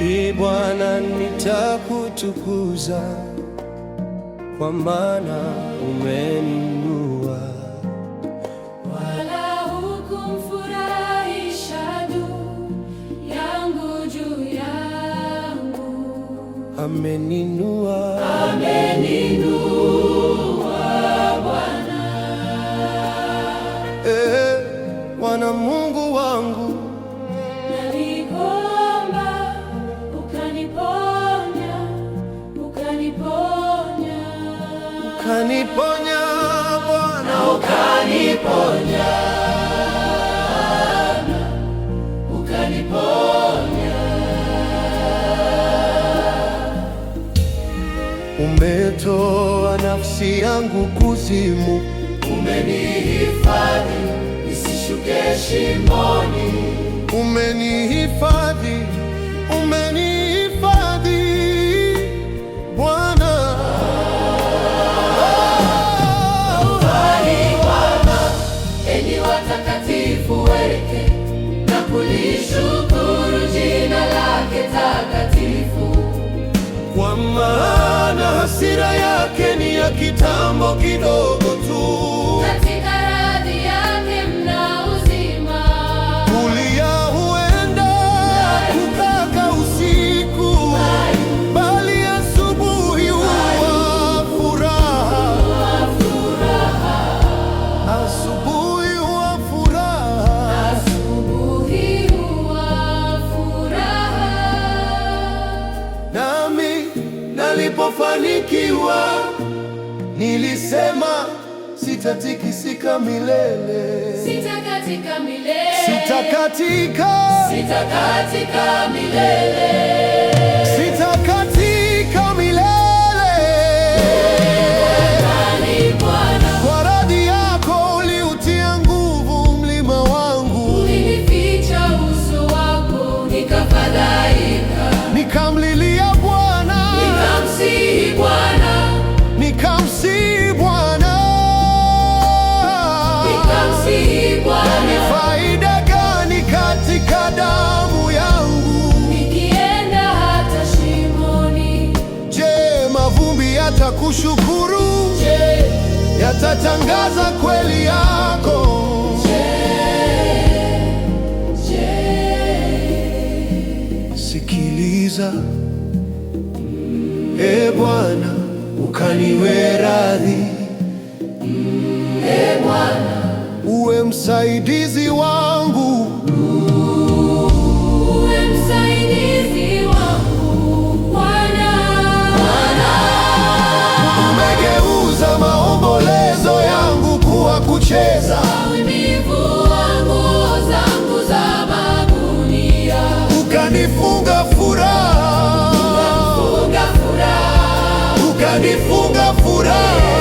E Bwana, nitakutukuza kwa maana umeninua. Wala hukumfurahisha duu yangu juu yangu, ameninua, ameninua Bwana. E Bwana Mungu wangu ukaniponya Bwana, ukaniponya ukaniponya. Umetoa nafsi yangu kuzimu, umenihifadhi nisishuke shimoni, umenihifadhi hasira yake ni ya kitambo kidogo tu. nilipofanikiwa nilisema sitatikisika milele, sitakatika milele, sitakatika, sitakatika milele. kushukuru yatatangaza kweli yako. sikiliza e Bwana ukaniwe radhi mm, e Bwana uwe msaidizi wangu válvula furada.